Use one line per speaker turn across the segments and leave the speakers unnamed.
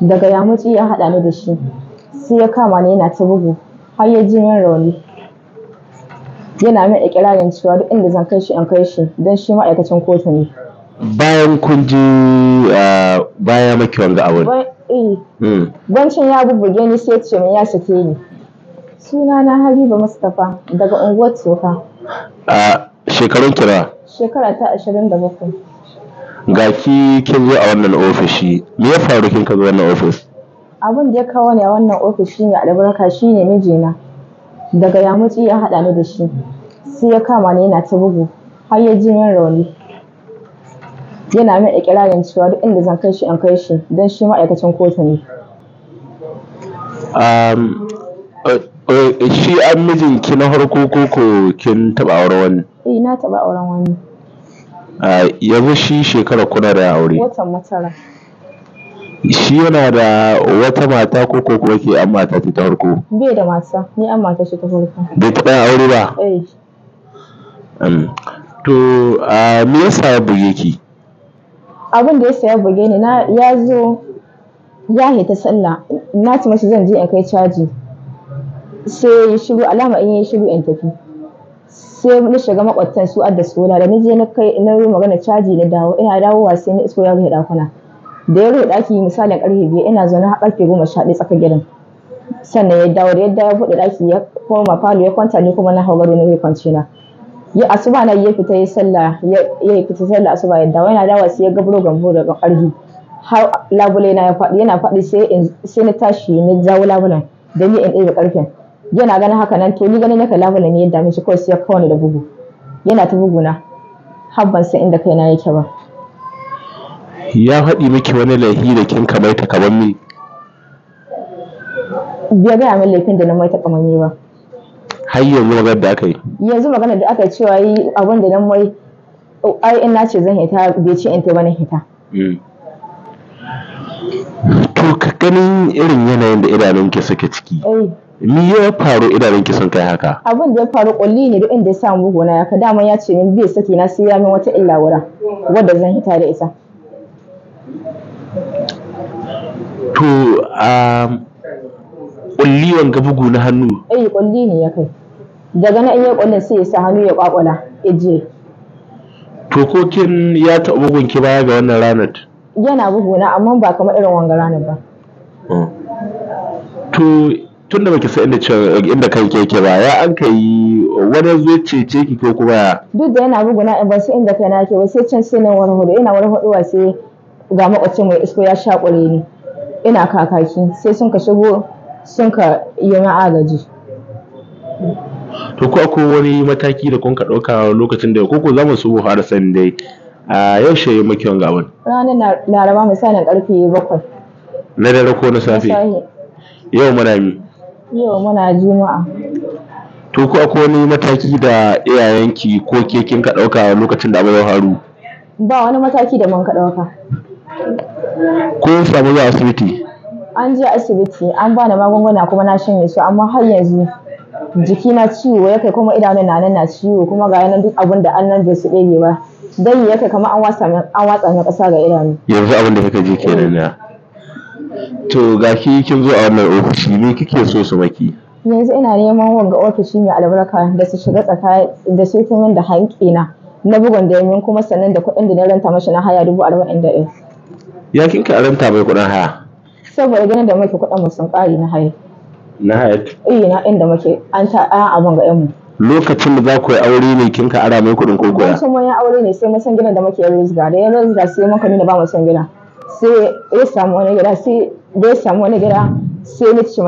daga mutu ya haɗa ni da shi sai ya kama ni yana ta bugu har ya ji min rauni yana min ikirarin cewa duk inda zan kai shi an kai shi don shi ma'aikacin kotu ne
bayan kun ji bayan maki wanda a eh. hmm. wani
bancin ya bubbuge ni sai ya ce min ya sake ni suna na habiba mustapha daga unguwar toka
a shekarun kira
shekara ta ashirin da
ga ki kin zo a wannan ofishi me ya faru
kin ka zo wannan ofis abin da ya kawo ni a wannan ofishi shine albarka shine mijina daga yamutsi ya haɗa ni da shi sai ya kama ni yana ta bugu har ya ji min rauni yana min ikirarin cewa duk inda zan kai shi an kai shi don shi ma'aikacin kotu ne
shi an mijinki na harko koko kin taɓa auren wani?
eh na taɓa auren wani
ya bi shi shekara kuna da aure shi yana da wata mata ko ko kuma ke an mata ta farko
bai da mata ni an mata shi ta farko bai
taɓa aure ba eh. to me yasa ya buge ki
abin da ya saya buge ni na ya zo ya haita sallah na ci mashi zan je in kai caji sai ya shiru alama in ya shiru in tafi sai na shiga makwabtan su adda sola da nije na kai na yi magana caji na dawo ina dawowa sai na isko ya rufe dakuna da ya rufe daki misalin karfe biyu ina zaune har karfe goma sha ɗaya tsakar gidan sannan ya dawo da yadda ya buɗe daki ya koma falo ya kwanta ni kuma na hau gado na zai kwance na ya asuba na ya fita ya salla ya fita salla asuba ya dawo yana dawowa sai ya gabro gambo daga ƙarfi har labule na ya faɗi yana faɗi sai na tashi na jawo labulen don ya in ɗaya ƙarfen yana ganin haka nan to ni ganin na kalamu ne yadda dame kawai sai ya kawo ni da bugu yana ta buguna na habban san inda kaina yake ba
ya faɗi miki wani laifi da kin ta kamar ni
bai gaya min laifin da na ta kamar ni ba
har yanzu magana da aka yi
yanzu magana da aka yi cewa yi abin da nan mai ai in na ce zan hita bai ce in ta bane hita
mm. to ka ganin irin yanayin da idanunki suke ciki eh. Ni ya faru idanun sun kai haka?
Abin da ya faru kulli ne duk inda ya samu bugu ya ka dama ya ce min bai saki na sai ya min wata illa wura, wadda zan hita da ita.
To a um, kulli wanga bugu na hannu?
Eh kulli ne ya kai. Daga na iya kullin sai ya sa hannu ya kwakwala ya je.
To ko kin ya taɓa bugun ki baya ga wannan ranar?
Yana buguna amma ba kamar irin wanga ranar ba.
Hmm. To tun da baki san inda kai yake ba ya an kai yi wani zo cece ki ko kuma
duk da yana buguna in ba sai inda kai na ke ba sai can sai nan wani hudu ina wani hudu sai ga makwacin mai isko ya sha kure ni ina kakaki sai sun ka shigo sun ka yi na agaji
to ko akwai wani mataki da kun ka ɗauka lokacin da ko ko za mu su har san dai a yau shi muke wanga wani
ranar laraba misalin karfe bakwai
na dare ko na safe yau muna mi
Yau muna Juma'a.
To ko akwai wani mataki da iyayenki ko ke kin ka ɗauka lokacin da abu ya faru?
Ba wani mataki da mun ka ɗauka.
ko samu zuwa asibiti?
An je asibiti an bani magunguna kuma na shanye su amma har yanzu jiki na ciwo ya kai kuma idanun na nan na ciwo kuma ga yanan duk abin da an nan bai su ɗebe ba. Dai ya kai kamar an watsa min ƙasa ga idanu.
Yanzu abin da kake ji kenan na. To ga ki kin zo a wannan ofishi ne kike so su maki?
Yanzu ina neman wanga ofishi mai albarka da su shiga tsaka da su ta min da haƙƙina na bugun da yamin kuma sannan da kuɗin da na ranta mashi na haya dubu arba'in da ɗaya.
Ya kin ka ranta mai kuɗin haya?
Saboda ganin da muke kuɗin mu sun ƙari na haya. Na haya? Eh na inda muke an ta a abun ga yanmu.
Lokacin da za ku yi aure ne kin ka ara mai kuɗin ko goya? Wancan
mun aure ne sai mun san gidan da muke yin rizga da yin rizga sai mun ka nuna ba mu san gidan. sai ya samu wani gida sai da samu wani gida sai na ce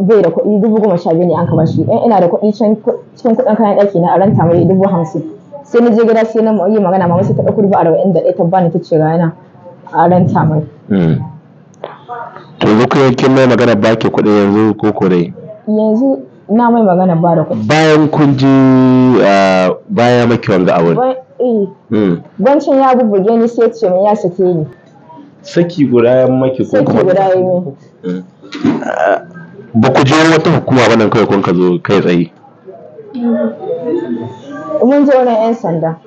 bai da kuɗi dubu goma sha biyu ne an kaba shi in ina da kuɗi cikin kuɗin kayan ɗaki na a ranta mai dubu hamsin sai na je gida sai na yi magana mama sai ta ɗauki dubu arba'in da ɗaya ta bani ta ce na a ranta mai. Hmm.
to yanzu kin mai magana ba ke kuɗi yanzu ko ko dai.
yanzu na mai magana ba da kuɗi.
bayan kun ji ah, baya maki wanga a wani. Eh. Hmm.
bancin ya bubbuge ni sai ce min ya sake ni.
saki guda ya maki ko kuma guda ya
hmm.
ba ku je wata hukuma ba nan kawai kun ka zo kai tsaye
mun je wurin yan sanda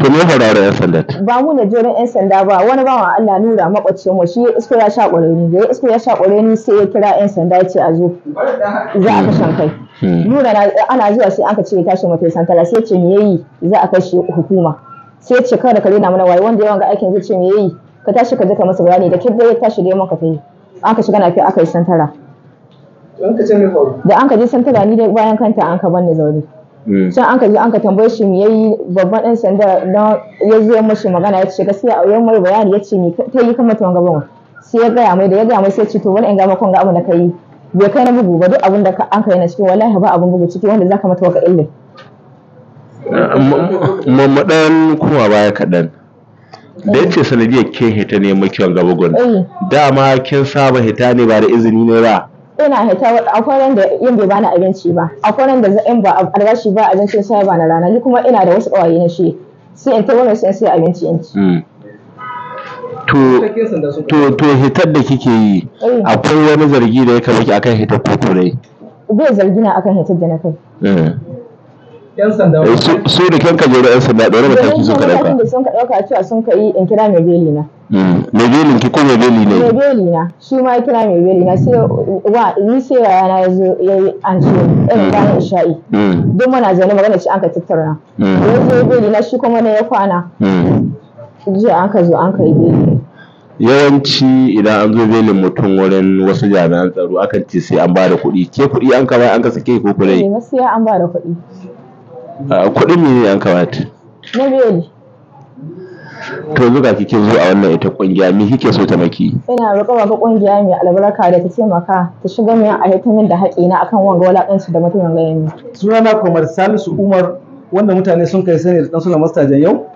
to me fara da yan sanda
ba mu da wurin yan sanda ba wani bawa Allah nura makwacin mu shi isko ya sha ƙwareni da ya isko ya sha ƙwareni sai ya kira yan sanda ya ce a zo za a kashe kai hmm. nura ana zuwa sai aka ce ya tashi mutai santala sai ce me yayi za a kashe hukuma sai ya ce kawai da kare na mana waye wanda yawan ga aikin zai ce me yayi ka tashi ka je masa bayani da kin dai ya tashi da yamma ka an ka shiga na fi aka yi santara da an ka je santara ni da bayan kanta an ka ni zaune hmm. sai an ka je an ka tambaye shi me yayi babban dan sanda dan ya zo ya mashi magana ya ce gaskiya a mai bayani ya ce me ta yi kamar tuwon gaban sai ya gaya mai da ya gaya mai sai ce to wani in ga makon ga abu da kai bai kai na bugu ba duk abin da an ka na cikin wallahi ba abin bugu ciki wanda zaka mata waka illin
mu dan kuma baya kaɗan da yace sanadiyar ke hita ne muke gaba gun eh. dama kin saba hita ne ba da izini ne ba
ina hita akwai ran da yin bai bani abinci ba akwai ran da in ba albashi ba abincin sai ba na rana ni kuma ina da wasu kawaye na shi sai in tabbata sai sai abinci in
ci hmm. to to hitar da kike yi eh. akwai wani zargi da ya kamata akan hitar ko turai
bai zargi na akan hitar da na kai
hmm. yan sanda eh, su da kanka jere yan sanda ɗaya da taki sun ka ɗauka da
sun ka ɗauka cewa sun ka yi in kira mai beli na
hmm. mai belin ki ko mai beli ne mai
beli na shi ma ya kira mai beli na sai wa ni sai yaya na ya yi an ce ɗan bayan hmm. isha'i hmm. duk mana zaune magana ci an ka tattauna yazo beli na shi kuma na ya kwana jiya an ka zo an ka yi beli
yawanci idan an zo belin mutum wurin wasu jami'an tsaro akan ce sai an ba da kuɗi ke kuɗi an kama an ka sake ko kuɗi
eh, sai an ba da kuɗi
kuɗin mene an kamata na to zuga kike zo a wannan ita kungiya
me kike so ta maki ina roƙo maka kungiya mai albarka da ta taimaka ta shiga min a hitamin da na akan wanga walakanci da mutumin gayani
sunana Komar Salisu Umar wanda mutane sun kai sani da dan Master Jan yau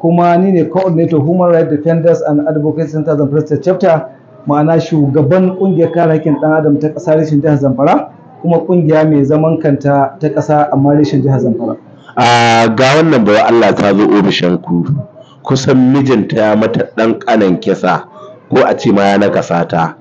kuma ni ne coordinator Human Rights Defenders and Advocacy Center Zamfara State Chapter ma'ana shugaban kungiyar kare hakkin ɗan adam ta ƙasa reshen jihar Zamfara kuma kungiya mai zaman kanta ta ƙasa amma rashin jihar Zamfara a
ga wannan bawa Allah ta zo ofishin ku kusan mijinta ya mata ɗan ƙanan kisa ko a ce ma ya nakasa ta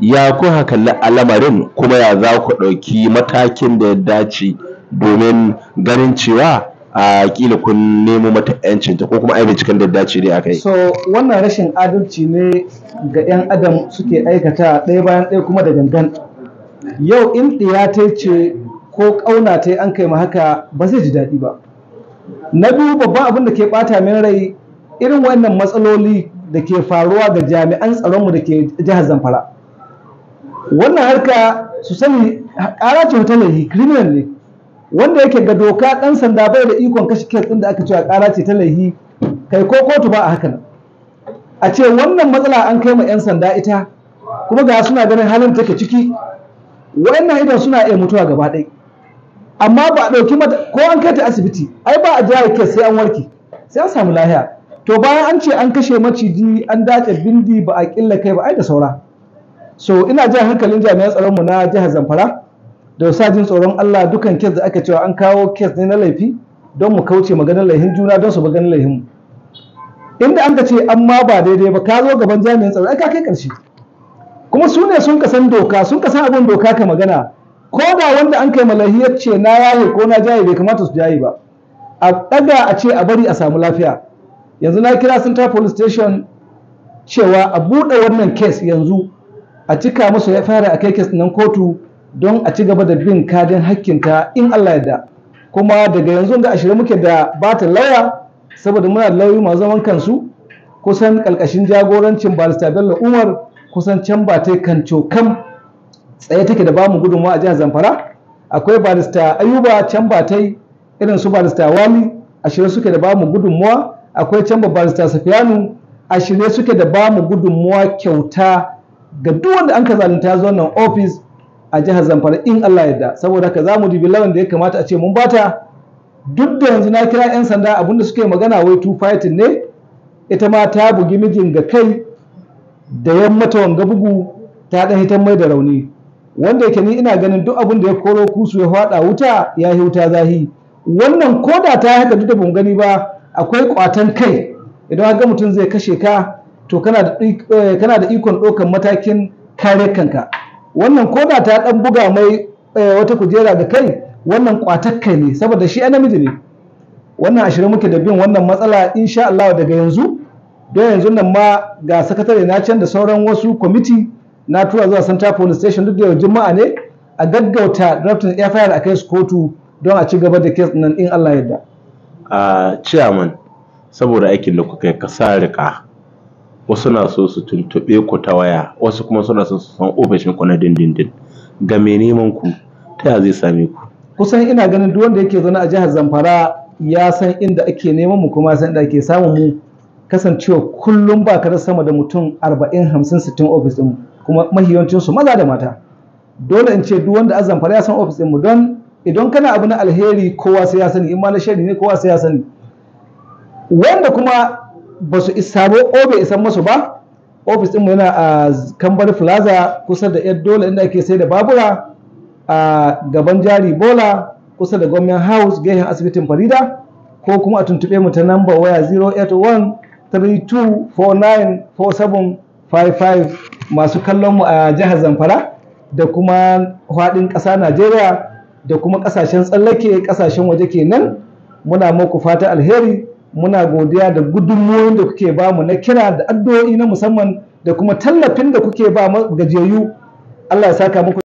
ya ku kalli al'amarin kuma ya za ku ɗauki matakin da ya dace domin ganin cewa a kila kun nemo mata yancinta ko kuma ai cikin da dace dai akai so
wannan rashin adalci ne ga yan adam suke aikata ɗaya bayan ɗaya kuma da gangan yau in ɗiya ta ce ko ƙauna ta an kai ma haka ba zai ji daɗi ba na biyu babban abin da ke ɓata min rai irin wannan matsaloli da ke faruwa ga jami'an tsaronmu da ke jihar zamfara wannan harka su sani ƙara ce ta laihi criminal ne wanda yake ga doka ɗan sanda bai da ikon kashe kes ɗin da aka cewa ƙara ce ta laifi. kai ko kotu ba a hakan a ce wannan matsala an kai ma 'yan sanda ita kuma ga suna ganin halin take ciki wa'annan idan suna iya mutuwa gaba ɗaya amma ba a ɗauki mata ko an kai ta asibiti ai ba a jihar kes sai an warke sai an samu lahiya to bayan an ce an kashe maciji an dace bindi ba a killa kai ba ai da saura so ina jan hankalin jami'an tsaron mu na jihar Zamfara da sajin tsoron Allah dukan kes da aka cewa an kawo kes ne na laifi don mu kauce maganar laifin juna don su maganin laifin mu inda an ka ce an ma ba daidai ba ka zo gaban jami'an tsaro ai ka kai karshe kuma su ne sun kasan doka sun kasan abin doka ka magana ko da wanda an kai malahiyar ce na yaye ko na jaye bai kamata su jaye ba a ɗaga a ce a bari a samu lafiya yanzu na kira central police station cewa a buɗe wannan kes yanzu a cika musu ya fara a kai kes nan kotu don a ci gaba da bin kadin hakkinta in Allah ya da kuma daga yanzu da ashirin muke da bata lauya saboda muna da lauyi masu zaman kansu kusan kalkashin jagorancin barista bello umar kusan can ba ta kan cokam tsaye take da bamu gudunmawa a jihar zamfara akwai barista ayuba can batai irin su barista wali a shirye suke da bamu gudunmawa akwai can barista safiyanu a shirye suke da bamu gudunmawa kyauta ga duk wanda an ka zalunta zuwa nan ofis a jihar zamfara in allah yarda saboda ka zamu dubi lawan da ya kamata a ce mun bata duk da yanzu na kira 'yan sanda abinda suke magana wai two fighting ne ita ma ta bugi mijin ga kai da yammata wanga bugu ta ɗan hitan mai da rauni wanda yake ni ina ganin duk abin da ya koro kusu ya fada wuta ya yi wuta zahi wannan koda ta haka duk da ban gani ba akwai kwatan kai idan ga mutum zai kashe ka to kana da eh, ikon ɗaukan matakin kare kanka wannan koda ta dan buga mai eh, wata kujera da kai wannan kwatar kai ne saboda shi namiji ne wannan ashirin muke da bin wannan matsala insha Allah daga yanzu don yanzu nan ma ga sakatare na can da sauran wasu kwamiti na tura zuwa Santa Police Station duk da yau Juma'a ne a gaggauta drafting FIR a kai su kotu don a ci gaba da kes nan in Allah yadda.
A chairman saboda aikin da kuka yi ka sa rika wasu na so su tuntuɓe ku ta waya wasu kuma suna so su san ofishin ku na dindindin ga me neman ku ta zai same ku.
Kusan ina ganin duk wanda yake zaune a jihar Zamfara ya san inda ake neman mu kuma san inda ake samun mu kasancewa kullum ba ka da sama da mutum arba'in hamsin sittin ofis mu. kuma mahiyancinsu maza da mata dole in ce duk wanda azamfara ya san ofis mu don idan kana abu na alheri kowa sai ya sani in ma na shari ne kowa sai ya sani wanda kuma ba su isa ba o bai isan masu ba ofis mu yana a kambar plaza kusa da yar dole inda ake sai da babura a gaban jari bola kusa da gwamnan house gehen asibitin farida ko kuma a tuntube mu ta namba waya 081 3249 masu kallon mu a jihar Zamfara da kuma faɗin ƙasa Najeriya da kuma ƙasashen tsallake ƙasashen waje kenan muna muku fata alheri muna godiya da gudunmuwoyin da kuke ba mu na kira da addu'o'i na musamman da kuma tallafin da kuke ba gajiyayyu Allah ya saka muku